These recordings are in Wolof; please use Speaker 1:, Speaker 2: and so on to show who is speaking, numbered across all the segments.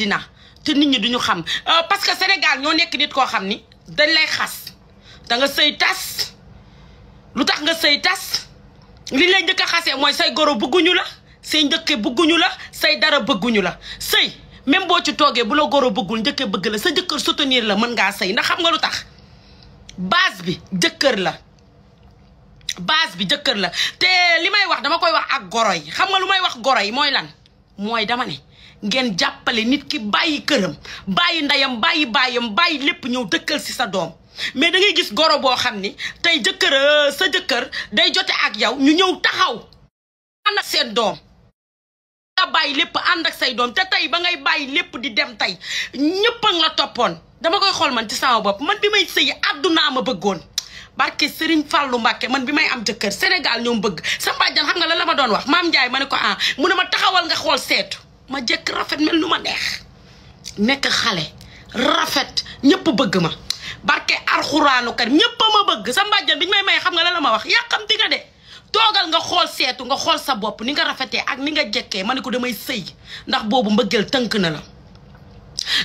Speaker 1: àddina te nit ñi duñu xam euh, parce que Sénégal ñoo nekk nit koo xam ni dañ lay xas da nga sëy tas lu tax nga sëy tas li lay njëkk a xasee mooy say goro bëgguñu la say njëkke bëgguñu la say dara bëgguñu la sëy même boo ci toogee bu la goro bëggul njëkke bëgg la sa jëkkër soutenir la mën ngaa sëy ndax xam nga lu tax base bi jëkkër la base bi jëkkër la te li may wax dama koy wax ak goro yi xam nga lu may wax goro yi mooy lan mooy dama ne ngeen jàppale nit ki bàyyi këram bàyyi ndeyam bàyyi baayam bàyyi lépp ñëw dëkkal si sa doom mais da ngay gis goro boo xam ni tey jëkkër euh, sa jëkkër day jote ak yow ñu ñëw taxaw ànd ak seen doom nga bàyyi lépp ànd ak say doom te tey ba ngay bàyyi lépp di dem tey ñëpp a la toppoon dama koy xool man ci sama bopp man bi may sëyi àddunaa ma bëggoon barke Serigne Fallou Mbacke man bi may am jëkkër Sénégal ñoom bëgg sa mbàjjan xam nga la la ma doon wax maam Ndiaye ma ne ko ah mu ne ma taxawal nga xool seetu ma jëkk rafet mel nu ma neex nekk xale rafet ñëpp bëgg ma barke arxuraanu ñëpp bëgg sa mbàjjan bi may may xam nga la ma wax yàqamti nga de toogal nga xool seetu nga xool sa bopp ni nga rafetee ak ni nga jekkee ma ne ko damay sëy ndax boobu mbëggeel tënk na la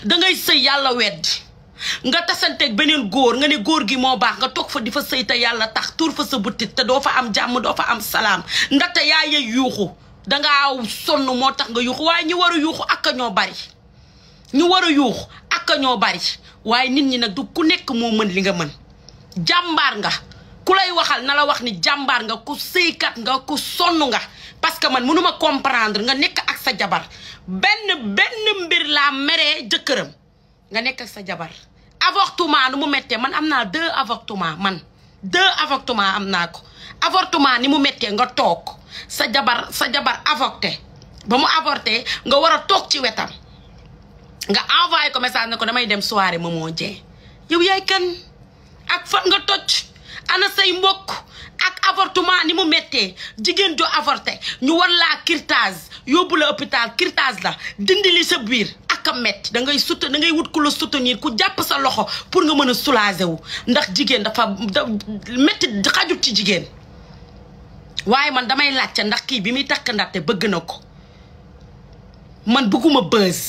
Speaker 1: dangay sëy yàlla weddi nga tasanteeg beneen góor nga ne góor gi moo baax nga toog fa di fa sëy yàlla tax tuur fa sa butit te doo fa am jàmm doo fa am salaam ndaxte yaa yey yuuxu dangaa sonn moo tax nga yuuxu waaye war a yuuxu ak ñoo bari ñu war a yuuxu ak ñoo bari waaye nit ñi nag du ku nekk moo mën li nga mën jàmbaar nga ku lay waxal na la wax ni jàmbaar nga ku sëykat nga ku sonn nga parce que man mënuma comprendre nga nekk ak sa jabar benn benn mbir laa meree jëkkëram nga nekk sa jabar avortement nu mu méttee man am naa deux avortement man deux avortement am naa ko avortement ni mu méttee nga toog sa jabar sa jabar avorté ba mu avorté nga war a toog ci wetam nga envoyé ko message ne ko damay dem soirée Momo Dieng yow yaay kan ak fan nga toj ana say mbokk ak avortement ni mu méttee jigéen jo avorté ñu war laa kirtaas yóbbu la hôpital kirtaas la dindi li sa biir ka metti da ngay sut da ngay wut ku la soutenir ku jàpp sa loxo pour nga mën a soulager wu ndax jigéen dafa metti xajut ci jigéen waaye man damay laajte ndax kii bi muy takk ndaxte bëgg na ko man bëgguma bës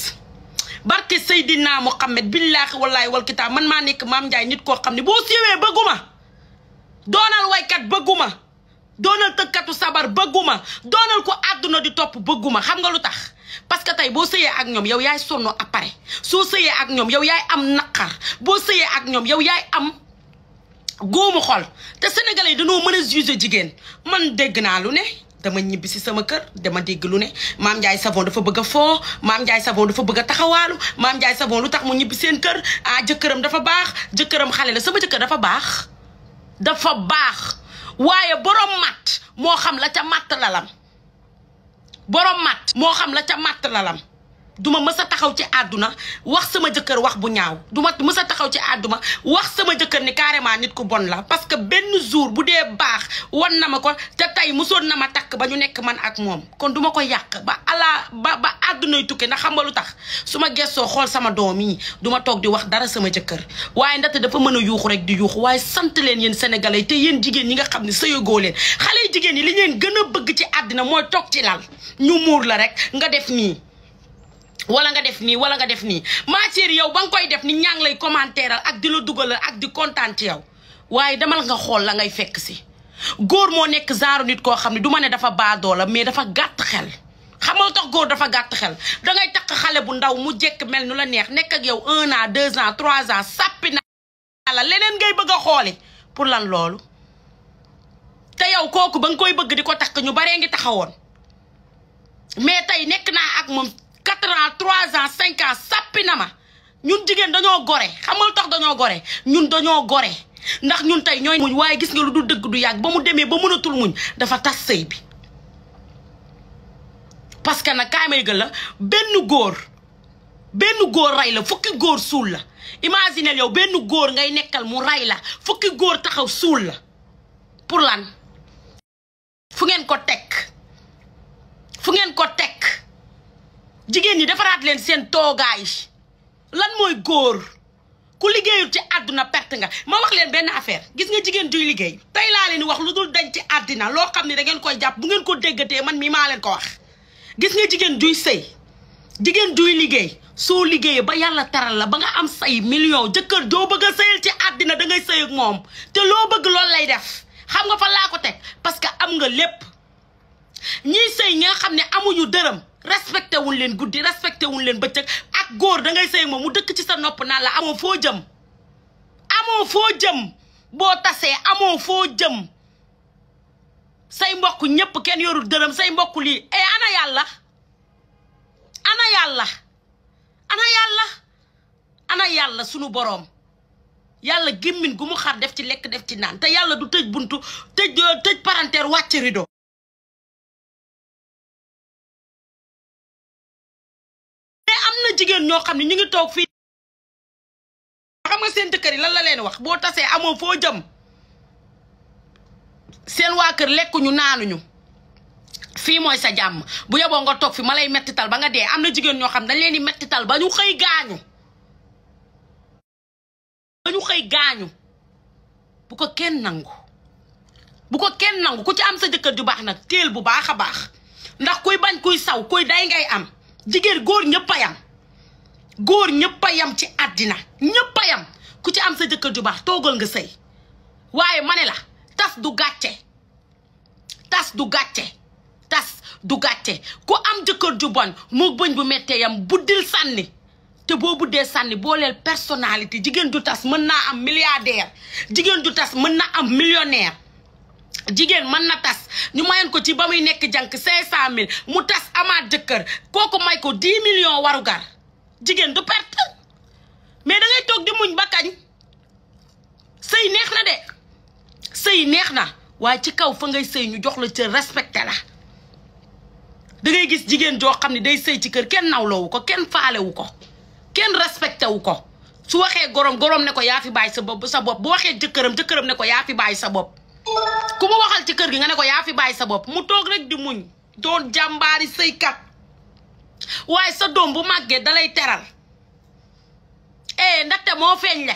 Speaker 1: barke Seydina Mohamed billaahi wallaahi wal kitaab man maa nekk maam Ndiaye nit koo xam ne boo siiwee bëgguma doonal waykat bëgguma doonal tëkkatu sabar bëgguma doonal ko àdduna di topp bëgguma xam nga lu tax parce que tey boo sëyee ak ñoom yow yaay sonn après soo sëyee ak ñoom yow yaay am naqar boo sëyee ak ñoom yow yaay am góomu xol te sénégalais yi dañoo mën a juger jigéen man dégg naa lu ne dama ñibbi si sama kër dama dégg lu ne maam Ndiaye Savon dafa bëgg foo maam Ndiaye Savon dafa bëgg a taxawaalu maam Ndiaye Savon lu tax mu ñibbi seen kër ah jëkkëram dafa baax jëkkëram xale la sama jëkkër dafa baax dafa baax waaye borom matt moo xam la ca matt lalam borom matt moo xam la ca matt lalam duma mës a taxaw ci àdduna wax sama jëkkër wax bu ñaaw duma mës a taxaw ci àdduna wax sama jëkkër ni carrément nit ku bon la parce que benn jour bu dee baax wan na ma ko te tey musoon na ma takk ba ñu nekk man ak moom kon duma ko yàq ba ala ba ba àddunay tukkee ndax xam nga lu tax su ma gestoo xool sama doom yi duma toog di wax dara sama jëkkër waaye ndaxte dafa mën a yuuxu rek di yuuxu waaye sant leen yéen sénégalais te yéen jigéen ñi nga xam ne sëyagoo leen xale jigéen yi li ngeen gën a bëgg ci àddina mooy toog ci lal ñu muur la rek nga def nii wala nga def nii wala nga def nii matière yow ba nga koy def nii ñaa ngi lay commentaire ak di la dugalal ak di kontaan ci yow waaye demal nga xool la ngay fekk si góor moo nekk genre nit koo xam ne du ma ne dafa baadoola mais dafa gàtt xel xamal tax góor dafa gàtt xel dangay takk xale bu ndaw mu jekk mel nu la neex nekk ak yow un an deux ans trois ans sàppi na la leneen ngay bëgg a xooli pour lan loolu te yow kooku ba nga koy bëgg di ko takk ñu baree ngi taxawoon mais tey nekk naa ak moom quatre ans trois ans cinq ans sappi na ma ñun jigéen dañoo gore xamal tax dañoo gore ñun dañoo gore ndax ñun tey ñooy muñ waaye gis nga lu du dëgg du yàgg ba mu demee ba mënatul muñ dafa tas sëy bi parce que nag kaay may la benn góor benn góor rey la fukki góor suul la imaginel yow benn góor ngay nekkal mu rey la fukki góor taxaw suul la pour lan fu ngeen ko teg fu ngeen ko teg jigéen ñi defaraat leen seen toogaay lan mooy góor ku liggéeyul ci àdduna perte nga ma wax leen benn affaire gis nga jigéen juy liggéey tey laa leen wax lu dul dañ ci àddina loo xam ne da ngeen koy jàpp bu ngeen ko déggatee man mii maa ko wax gis nga jigéen juy sëy jigéen juy liggéey soo liggéeyee ba yàlla taral la ba nga am say million jëkkër doo bëgg a sëyal ci àddina da ngay sëy ak moom te loo bëgg loolu lay def xam nga fa laa ko teg parce que am nga lépp ñiy sëy nga xam ne amuñu dërëm respecté wuñ leen guddi respecté wuñ leen bëccëg ak góor da ngay sëy moom mu dëkk ci sa nopp naan la amoo foo jëm amoo foo jëm boo tasee amoo foo jëm say mbokk ñëpp kenn yorul dërëm say mbokk lii e ana yàlla ana yàlla ana yàlla ana yàlla sunu boroom yàlla gémmin gu mu xar def ci lekk def ci naan te yàlla du tëj buntu tëj tëj paranteer wàcc rido jigéen ñoo xam ne ñu ngi toog fii xam nga seen jëkkër yi lan la leen wax boo tasee amoo foo jëm seen waa kër lekkuñu naanuñu fii mooy sa jàmm bu yeboo nga toog fi ma lay mettital ba nga dee am na jigéen ñoo xam dañ leen di mettital ba ñu xëy gaañu ba xëy gaañu bu ko kenn nangu bu ko kenn nangu ku ci am sa jëkkër ju baax nag teel bu baax a baax ndax kuy bañ kuy saw kuy day ngay am jigéen góor ñëpp a yam góor ñëpp a yam ci àddina ñëpp a yam ku ci am sa jëkkër ju baax toogal nga sëy waaye mane la tas du gàcce tas du gàcce tas du gàcce ku am jëkkër ju bon bëñ bu méttee yam buddil sànni te boo buddee sànni booleel personnalité jigéen ju tas mën naa am milliardaire jigéen ju tas mën na am millionnaire jigéen mën na tas ñu mayoon ko ci ba muy nekk jànk cinq cent mille mu tas amaat jëkkër kooku may ko dix millions warugar jigéen du perte mais da ngay toog di muñ ba kañ sëy neex na de sëy neex na waaye ci kaw fa ngay sëy ñu jox la ca respecté la da gis jigéen joo xam ne day sëy ci kër kenn nawloowu ko kenn faalewu ko kenn respecté wu ko su waxee gorom gorom ne ko yaa fi bàyyi sa bopp sa bopp bu waxee jëkkëram jëkkëram ne ko yaa fi bàyyi sa bopp ku mu waxal ci kër gi nga ne ko yaa fi bàyyi sa bopp mu toog rek di muñ doon jàmbaari sëykat waaye sa doom bu màggee dalay teral eh ndaxte moo feeñ le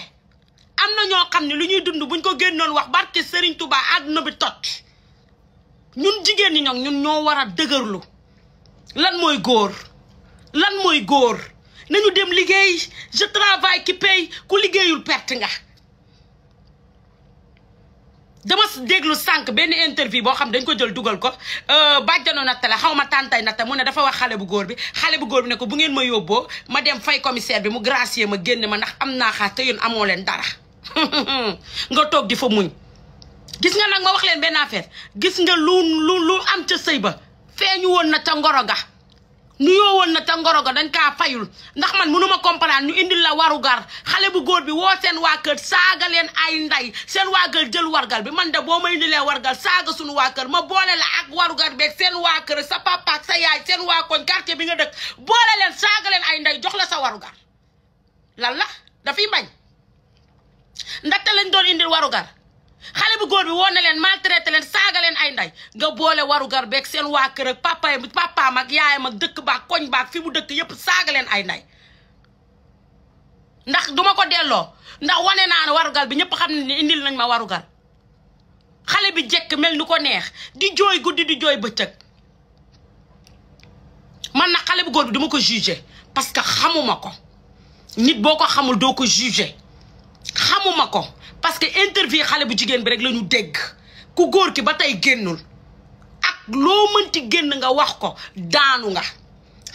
Speaker 1: am na ñoo xam ne lu ñuy dund buñ ko génnoon wax barke Serigne Touba àdduna bi tot ñun jigéen ñi ñoom ñun ñoo war a dëgërlu lan mooy góor lan mooy góor nañu dem liggéey je travaille qui paye ku liggéeyul perte nga. dama déglu sànq benn interview boo xam dañ ko jël dugal ko euh, bàjjanu natta la xaw ma tàntay natta mu ne dafa wax xale bu góor bi xale bu góor bi ne ko bu ngeen ma yóbboo ma dem fay commissaire bi mu gracier ma génne ma ndax am naa xaar te yéen amoo leen dara nga toog di fa muñ. gis nga nag ma wax leen benn affaire gis nga lu lu lu am ca sëy ba feeñu woon na ca ngoro ga nuyoo woon na te ngoro ga dañ kaa fayul ndax man mënuma comprendre ñu indil la warugar xale bu góor bi woo seen waa kër saaga leen ay nday seen waa jël wargal bi man de boo ma leen wargal saaga suñu waa kër ma boole la ak warugar beeg seen waa kër sa papa sa yaay seen waa koñ quartier bi nga dëkk boole leen saaga leen ay nday jox la sa warugar lan la dafiy bañ nda lañ doon indil warugar xale bu góor bi woon na leen maltraité leen saaga leen ay nday nga boole waru gar beeg seen waa kër ak papa yi yaayam ak dëkk baak koñ baak fi mu dëkk yëpp saaga leen ay nday ndax duma ko delloo ndax wane naa ne warugar bi ñëpp xam ne indil nañ ma warugar xale bi jekk mel ni ko neex di jooy guddi di jooy bëccëg man na xale bu góor bi duma ko jugé parce que xamuma ko nit boo ko xamul doo ko jugé xamuma ko parce que interview xale bu jigéen bi rek lañu ñu ku góor ki ba tey génnul ak loo mënti génn nga wax ko daanu nga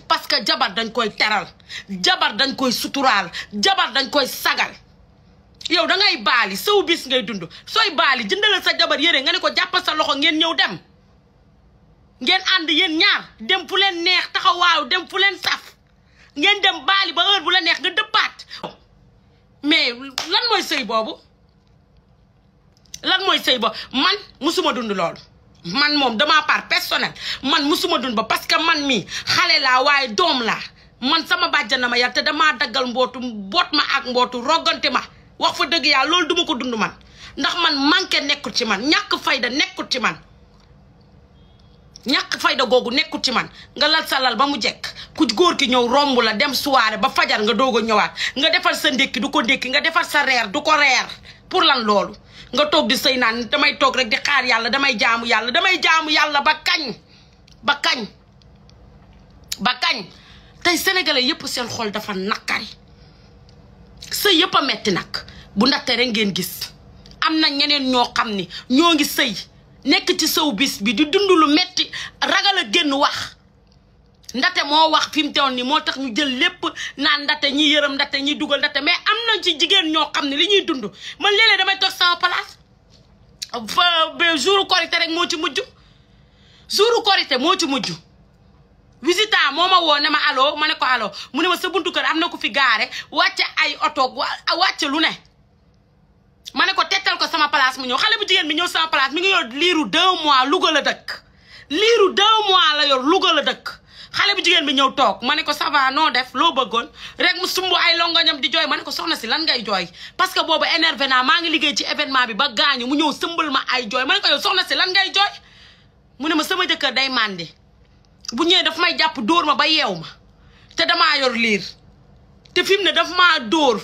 Speaker 1: parce que jabar dañ koy teral jabar dañ koy suturaal jabar dañ koy sagal yow dangay ngay baali saw bis ngay dund sooy baali jëndalal sa jabar yére nga ne ko jàppal sa loxo ngeen ñëw dem ngeen ànd yéen ñaar dem fu leen neex taxawaayu dem fu leen saf ngeen dem baali ba heure bu la neex nga dëppaat mais lan mooy sëy boobu lan mooy sëy ba man musuma dund loolu man moom damaa part personnel man musuma dund ba parce que man mii xale laa waaye doom laa man sama bàjjan ma yar te damaa daggal mbootu mboot ma ak mbootu roggante ma wax fa dëgg yàlla loolu duma ko dund man ndax man manqué nekkul ci man ñàkk fayda nekkul ci man ñàkk fayda googu nekkul ci man nga lal sa lal ba mu jekk ku góor ki ñëw romb la dem suwaare ba fajar nga doog a ñëwaat nga defar sa ndékki du ko ndékki nga defar sa du ko reer pour lan loolu nga toog di sëy naan damay toog rek di xaar yàlla damay jaamu yàlla damay jaamu yàlla ba kañ ba kañ ba kañ tey sénégalais yépp seen xool dafa naqari sëy yëpp a metti nag bu ndaxte rek ngeen gis am na ñeneen ñoo xam ni ñoo ngi sëy nekk ci sëw bis bi di dund lu metti ragal a génn wax ndate moo wax fi mu teewoon nii moo tax ñu jël lépp naan ndate ñi yërëm ndate ñi dugal ndate mais nañ ci jigéen ñoo xam ne li ñuy dund man léeg-léeg damay toog sama place ba jouru korité rek moo ci mujj jouru korité moo ci mujj visitant moo ma woo ne ma allo ma ne ko allo mu ne ma sa buntu kër am na ku fi gaare wàcce ay oto wàcce lu ne ma ne ko tettal ko sama place mu ñëw xale bu jigéen bi ñëw sama place mi ngi yoor liiru deux mois Louga la dëkk liiru deux mois la yor Louga la dëkk xale bu jigéen bi ñëw toog ma ne ko ça va noo def loo bëggoon rek mu sumb ay longoñam di jooy ma ko soxna si lan ngay jooy parce que boobu énervé naa maa ngi liggéey ci événement bi ba gaañu mu ñëw sëmbal ma ay jooy ma ne ko soxna si lan ngay jooy mu ne ma sama jëkkër day màndi bu ñëwee daf may jàpp dóor ma ba yeew ma te damaa yor liir te fi mu ne daf maa dóor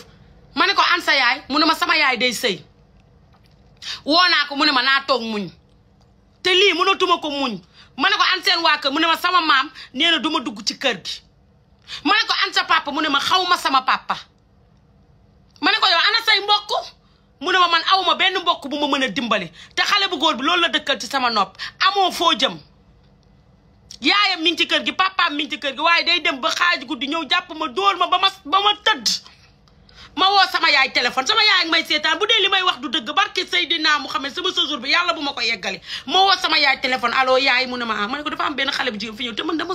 Speaker 1: ma ne ko an yaay mu ne ma sama yaay day sëy woo naa ko mu ne ma naa toog muñ te lii mënatuma ko muñ ma ne ko an seen mu ne ma sama maam nee na du ma dugg ci kër gi ma ne ko an sa papa mu ne ma xaw ma sama papa ma ne ko yow ana say mbokk mu ne ma man aw ma benn mbokk bu ma mën a dimbali te xale bu góor bi loolu la dëkkal ci sama nopp amoo foo jëm yaayam mi ngi ci kër gi papaam mi ngi ci kër gi waaye day dem ba xaaj guddi ñëw jàpp ma dóor ma ba ma woo sama yaay téléphone sama yaay ak may seetaan bu dee li may wax du dëgg barke Seydina Mouhamed sama séjour bi yàlla bu ma ko yeggale ma woo sama yaay téléphone allo yaay mu ma ah ma ne am benn xale bu jigéen fi ñëw te man dama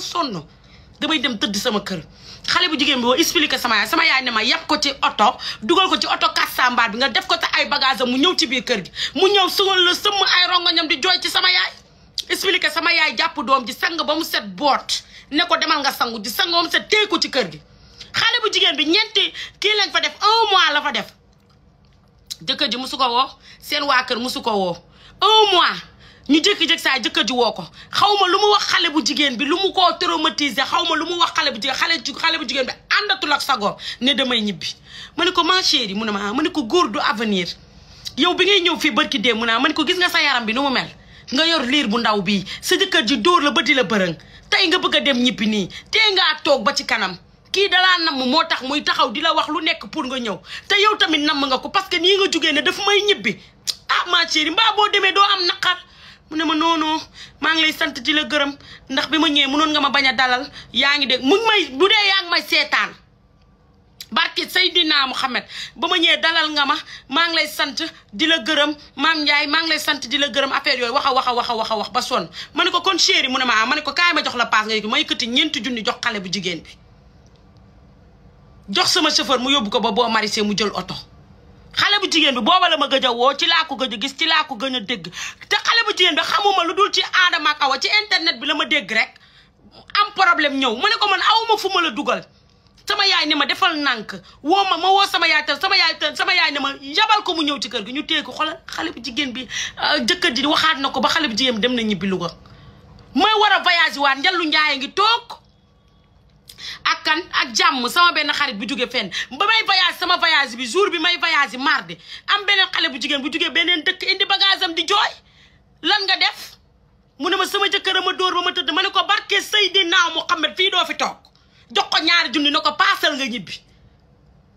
Speaker 1: dem tëdd sama kër xale bu jigéen bi woo expliqué sama yaay sama yaay ne ma yàpp ko ci oto dugal ko ci oto sambaar bi nga def ko sa ay bagage mu ñëw ci biir kër gi mu ñëw sungal la sëmm ay rongoñam di jooy ci sama yaay expliqué sama yaay jàpp doom ji sang ba mu set boot ne ko demal nga sangu ji sangoom set téye ko ci kër gi xale bu jigéen bi ñeenti kii lañ fa def un mois la fa def jëkkër ji musu ko woo seen waa kër musu ko woo un mois ñu jékki-jékki saa jëkkër ji woo ko xaw ma lu mu wax xale bu jigéen bi lu mu koo traumatisé xaw ma lu mu wax xale bu jigéen xale xale bu jigéen bi àndatul ak sagoor ne damay ñibbi ma ne ko ma chérie mu ne ma ma ne ko góor du avenir yow bi ngay ñëw fii ki dee mu naa ma ko gis nga sa yaram bi nu mu mel nga yor liir bu ndaw bii sa jëkkër ji dóor la ba di la bërëng tey nga bëgg a dem ñibbi nii tee nga toog ba ci kanam kii dalaa namm moo tax muy taxaw di la wax lu nekk pour nga ñëw te yow tamit namm nga ko parce que nii nga jugee ne dafa may ñibbi ah maa chérie mbaa boo demee doo am naqar mu ne ma noonu maa ngi lay sant di la gërëm ndax bi ma ñëwee mënoon nga ma bañ a dalal yaa ngi dégg mu ngi may bu dee yaa ngi may seetaan barke Seydina Muhammad ba ma ñëwee dalal nga ma maa ngi lay sant di la gërëm maam Ndiaye maa ngi lay sant di la gërëm affaire yooyu wax a wax a wax a wax a wax ba sonn ma ne ko kon chéri mu ne ma ah ma ne ko kaay ma jox la paas nga yëg ma yëkkati ñeenti junni jox xale bu jigéen bi jox sama chauffeur mu yóbbu ko ba boo marisé mu jël oto xale bu jigéen bi boo la ma gëj a woo ci laako ko gëj a gis ci laa ko gën a dégg te xale bu jigéen bi xamuma lu dul ci aadama ak awa ci internet bi la ma dégg rek am problème ñëw ma ne ko man awuma fu ma la dugal sama yaay ne ma defal nànk woo ma ma woo sama yaay sama yaay sama yaay ne ko mu ñëw ci kër gi ñu téye ko xoolal xale bu jigéen bi euh, jëkkër ji waxaat na ko ba xale bu jigéen dem na ñibbi Louga mooy war a voyage waat njallu njaaye ngi toog ak kan ak jàmm sama benn xarit bu jóge fenn ba may voyage sama voyage bi jour bi may voyage yi mardi am beneen xale bu jigéen bu jugee beneen dëkk indi bagage di jooy lan nga def mu ne ma sama jëkkër ma dóor ba ma tëdd ma ne ko barke Seydina Muhammad fii doo fi toog jox ko ñaari junni na ko paasal nga ñibbi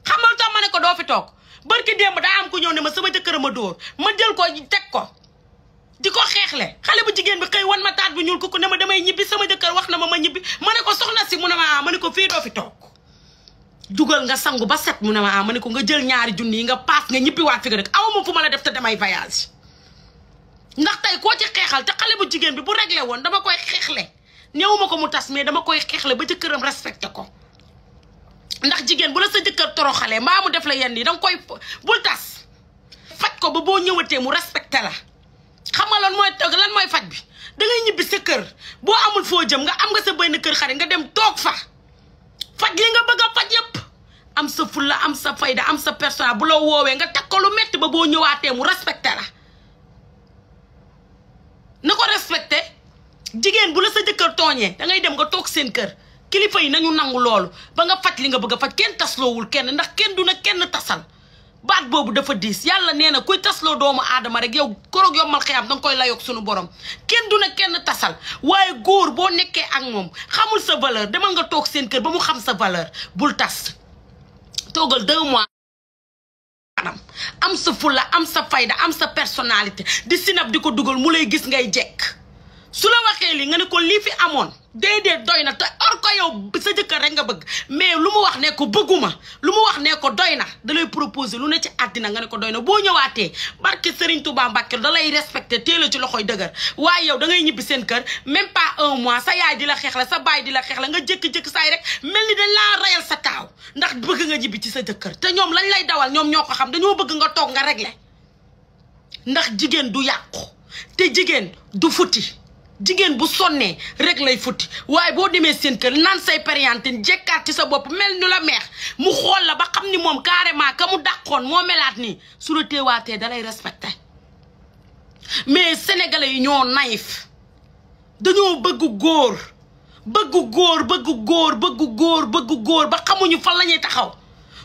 Speaker 1: xamal tax ma ne ko doo fi toog barke démb daa am ko ñëw ne ma sama jëkkër ma dóor ma jël ko teg ko di ko xeexle xale bu jigéen bi kay wan ma taat bu ñuul ko ne ma damay ñibbi sama jëkkër wax na ma ma ñibbi ma ne ko soxna si mu ne ma ah ma ko fii doo fi toog dugal nga sangu ba set mu ne ma ah ma ne ko nga jël ñaari junni yi nga paas nga ñibbi waat fi nga dëkk awma fu ma la def te damay voyage ndax tey koo ci xeexal te xale bu jigéen bi bu réglé woon dama koy xeexle néew ma ko mu tas mais dama koy xeexle ba jëkkëram respecté ko ndax jigéen bu la sa jëkkër toroxalee mbaa mu def la yenn yi danga koy bul tas faj ko ba boo ñëwatee mu respecté la xam nga lan mooy toog lan mooy faj bi dangay ñibbi sa kër boo amul foo jëm nga am nga sa benn kër xarit nga dem toog fa faj li nga bëgg a faj yépp am sa fulla am sa fayda am sa persona bu la woowee nga teg ko lu metti ba boo ñëwaatee mu respecté la na ko respecté jigéen bu la sa jëkkër tooñee dangay dem nga toog seen kër kilifa yi nañu nangu loolu ba nga faj li nga bëgg a faj kenn tasloowul kenn ndax kenn du na kenn tasal baat boobu dafa diis yàlla nee na kuy tasloo doomu aadama rek yow koroog yombal xiyaam danga koy layoog sunu borom kenn du ne kenn tasal waaye góor boo nekkee ak moom xamul sa valeur demal nga toog seen kër ba mu xam sa valeur bul tas toogal deux mois am sa fulla am sa fayda am sa personnalité di sinab di ko dugal mu lay gis ngay jekk su la waxee li nga ne ko lii fi amoon déedéet doy na te or ko yow sa jëkkër rek nga bëgg mais lu mu wax ne ko bëgguma lu mu wax ne ko doy na da lay proposé lu ne ci àddina nga ne ko doy na boo ñëwaatee barke Serigne Touba Mbacke da lay respecté teel ci loxoy dëgër waaye yow da ngay ñibbi seen kër même pas mois sa yaay di la xeex la sa baay di la xeex la nga jékki-jékki saay rek mel ni dañ laa rayal sa kaaw ndax bëgg nga ñibbi ci sa jëkkër te ñoom lañ lay dawal ñoom ñoo ko xam dañoo bëgg nga toog nga réglé ndax jigéen du yàqu te jigéen du futi jigéen bu sonnee rek lay futti waaye boo demee seen naan say périantine jekkaat ci sa bopp mel nu la meex mu xool la ba xam ni moom carrément ka mu dàqoon moo melaat nii su la teewaatee dalay respecté mais sénégalais yi ñoo naïf dañoo bëgg góor bëggu góor bëgg góor bëgg góor bëgg góor ba xamuñu fan la ñuy taxaw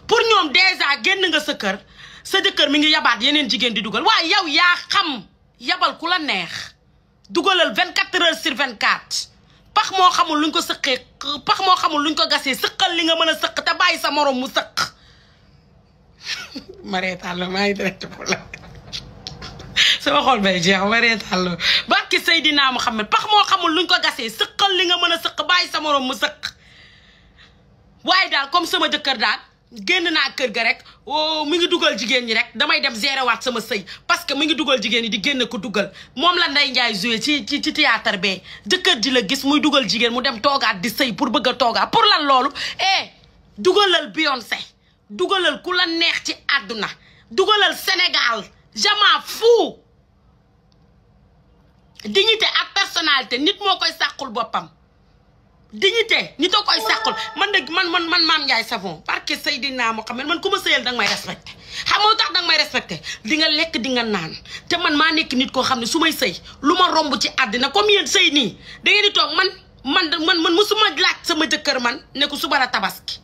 Speaker 1: pour ñoom déjà génn nga sa kër sa jëkkër mi ngi yabaat yeneen jigéen di dugal waaye yow yaa xam yabal ku la neex dugalal 24 heures sur 24 pax moo xamul luñ ko sëqee pax moo xamul luñ ko gasee sëqal li nga mën a sëq te bàyyi sa morom mu sëq. Marie Talla maa ngi direct pour la sama xol bay jeex Marie Talla barki Seydina xamul luñ ko gasee sëqal li nga mën a sëq bàyyi sa morom mu sëq waaye daal comme sama jëkkër daal. génn naa kër ga rek oh, mu ngi dugal jigéen ñi rek damay dem gérer waat sama sëy parce que mi ngi dugal jigéen ñi di génn ko dugal moom la Ndeye Ndiaye joué ci ci ci théâtre di jëkkër ji la gis muy dugal jigéen mu dem toogaat di sëy pour bëgg a toogaat pour lan loolu eh dugalal Beyoncé dugalal ku la neex ci àdduna dugalal Sénégal jamaa fou dignité ak personnalité nit moo koy sàqul boppam dignité ñi da koy sàqul man de man man man maam Ndiaye Savon parce que Seydina Mohamed man ku ma sëyal danga may respecté xam nga tax danga may respecté di nga lekk di nga naan te man maa nekk nit koo xam ne su may sëy lu ma romb ci àddina comme yéen sëy nii da ngeen di toog man man man man musuma laaj sama jëkkër man ne ko suba la tabaski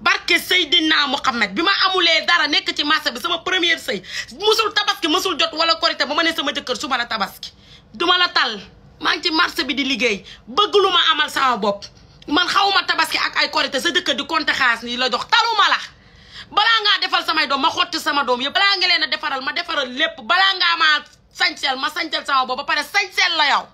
Speaker 1: barke Seydina Mohamed bi ma amulee dara nekk ci marché bi sama première sëy musul tabaski musul jot wala korité ba ma ne sama jëkkër suba la tabaski duma la tal maa ngi ci marché bi di liggéey bëgg lu ma amal sama bopp man xawuma tabaski ak ay korité sa dëkk di compter xaas ni la jox taluma la balaa ngaa defal samay doom ma xotti sama doom yëpp balaa nga defaral ma defaral lépp balaa ngaa maa sañseel ma sañseel sama bopp ba pare sañseel la yow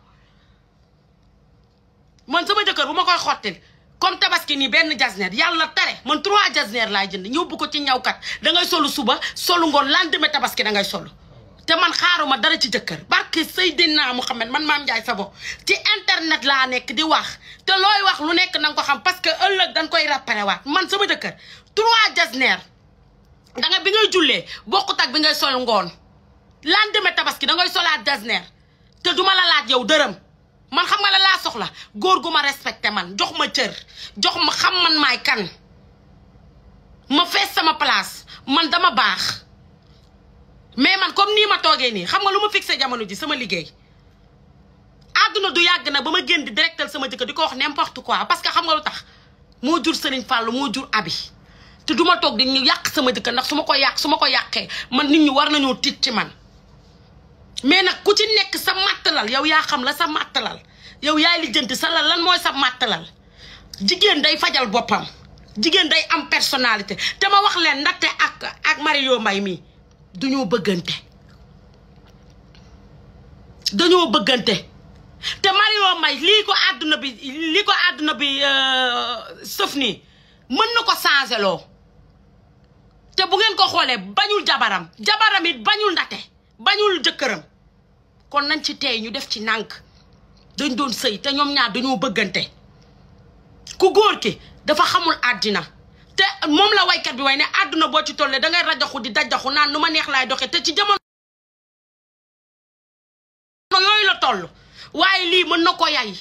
Speaker 1: man sama jëkkër bu ma koy xottil comme tabaski nii benn jasneer yàlla tare man trois jasneer laay jënd ñëw bu ko ci ñawkat dangay solu suba solu ngoon lendemain tabaski dangay solu te man xaaruma dara ci jëkkër barke Seydina Mouhamed man maam Ndiaye Savon ci internet laa nekk di wax te looy wax lu nekk na ko xam parce que ëllëg dañ koy rappelé waat man sama jëkkër trois jasneer da nga bi ngay jullee bokkut ak bi ngay sol ngoon lendemain tabaski da ngay solaat jasneer te duma la laaj yow dërëm man xam nga la laa soxla góor gu ma respecté man jox ma cër jox ma xam man may kan ma fees sama place man dama baax mais man comme nii ma toogee nii xam nga lu ma fixé jamono ji sama liggéey àdduna du yàgg na ba ma génn di directal sama jëkkër di ko wax n'importe quoi parce que xam nga lu tax moo jur Serigne Fallou moo jur abi te du ma toog di ñu yàq sama jëkkër ndax su ma ko yàq su ma ko yàqee man nit ñu war nañoo tiit ci man mais nag ku ci nekk sa lal yow yaa xam la sa màttalal yow yaa lijjanti sa lan mooy sa lal jigéen day fajal boppam jigéen day am personnalité te ma wax leen ndaxte ak ak Mario Mbaye mii dañoo bëggante dañoo bëggante te Mario May lii ko àdduna bi lii ko àdduna bi euh, sëf nii mën na ko changé te bu ngeen ko xoolee bañul jabaram jabaram bañul ndate bañul jëkkëram kon nañ ci tey ñu def ci nànk dañ doon sëy te ñoom ñaar dañoo bëggante ku góor ki dafa xamul àddina te moom la waykat bi way ne àdduna boo ci tollee dangay rajaxu di dajaxu naan nu ma neex laay doxee te ci jamono yooyu la toll waaye lii mën na ko yay